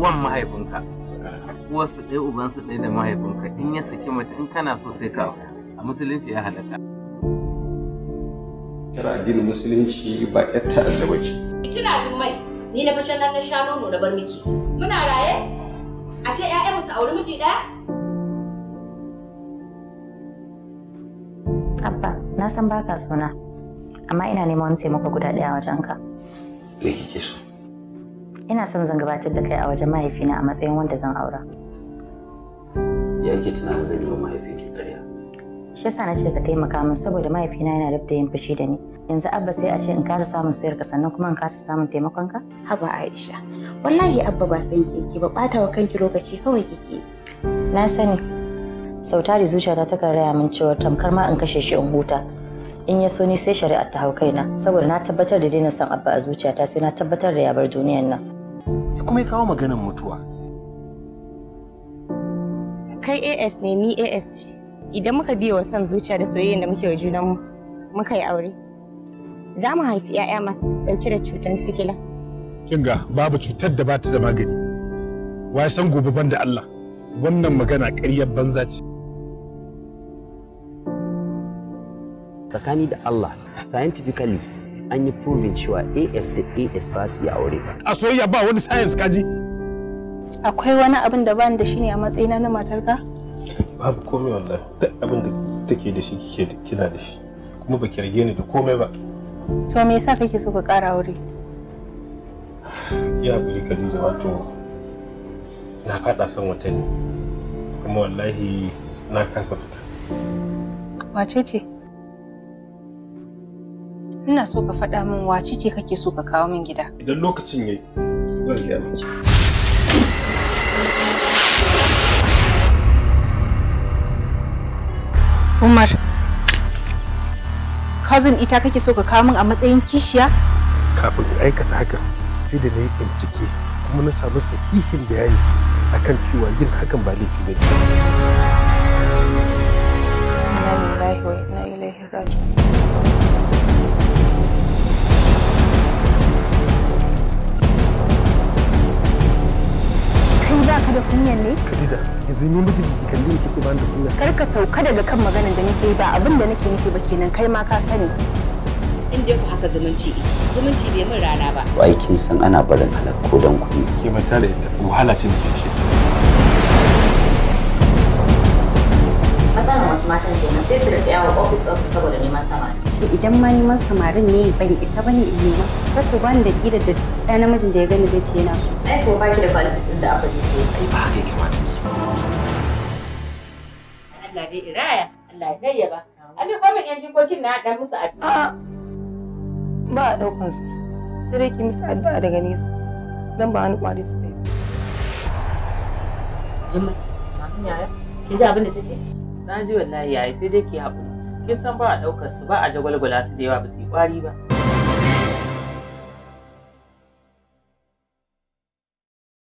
uwan mahaifinka uwarsu ɗaya su ɗaya da mahaifinka in ya saki mace in kana so sai ka a musulunci ya halatta kira addinin musulunci ba ya ta'adda ba ce tuna tun mai ni na fashin nan na sha nono na bar miki muna raye a ce ƴaƴan mu su auri miji ɗaya abba na san baka suna amma ina neman taimako guda ɗaya wajenka me kike so ina son zan gabatar da kai a wajen mahaifina a matsayin wanda zan aura ya ke tunanin zan yi wa mahaifinki ƙarya shi yasa na ce ka taimaka min saboda mahaifina yana da yin fushi da ni yanzu abba sai a ce in kasa samun soyar ka sannan kuma in kasa samun taimakon ka haba aisha wallahi abba ba san keke ba bata wa kanki lokaci kawai kike na sani sautari zuciyata ta kan raya min cewa tamkar ma in kashe shi in huta in ya so ni sai shari'ar ta hau kaina saboda na tabbatar da daina son abba a zuciyata sai na tabbatar da ya bar duniyar nan ya kuma ya kawo maganan mutuwa kai as ne ni as ce idan muka biya wa son zuciya da soyayyen da muke wa junanmu muka yi aure za mu haifi 'ya'ya masu ɗauke da cutar sikila kinga babu cutar da bata da magani wa san gobe banda Allah wannan magana ƙaryar banza ce tsakani da Allah scientifically an yi proving cewa as da as ba su yi aure ba a soyayya ba wani science kaji akwai wani abin da bani da shi ne a matsayina na matarka babu komai wallahi duk abin da take da shi kike kina da shi kuma baki rage ni da komai ba to me yasa kake so ka ƙara aure ya kadi da wato na faɗa son watanni kuma wallahi na kasa fita wace ce ina so ka faɗa min wace ce kake so ka kawo min gida idan lokacin yayi zan gaya miki Umar cousin ita kake so ka kawo min a matsayin kishiya kafin in aikata haka sai da na yi bincike kuma na samu sahihin bayani akan cewa yin hakan ba laifi ne Inna lillahi wa inna ilaihi raji'un kunyan ne? Khadija, yanzu ni miji biki kalli ki ce bani da kunya. Kar ka sauka daga kan maganar da nake yi ba abin da nake nufi ba kenan kai ma ka sani. In dai ku haka zumunci, zumunci bai min rana ba. Wai kin san ana barin halak ko dan kuɗi. Ke mata da ita wahala ce shi. matan kenan sai su rika yawo ofis ofis saboda neman samari. Shin idan ma neman samarin ne ban isa ba ne in nema? Kar ku bani da ƙira da ɗaya namijin da ya gani zai ce yana so. Ai ko baki da kwalitis ɗin da abba zai so. Ai ba haka ya kamata ki. Allah dai iraya, Allah ya gayyaba. Abi ko min yan jikokin na dan musu addu'a. A'a ba a ɗaukan su. Sai dai ki musu addu'a daga nesa. Dan ba wani ƙwari su yi. Jummai, mamin yaya, ke ji abin da ta ce? na ji wallahi yayi sai dai ki haƙuri kin san ba a ɗaukar su ba a jagwalgwala su da yawa ba su yi ƙwari ba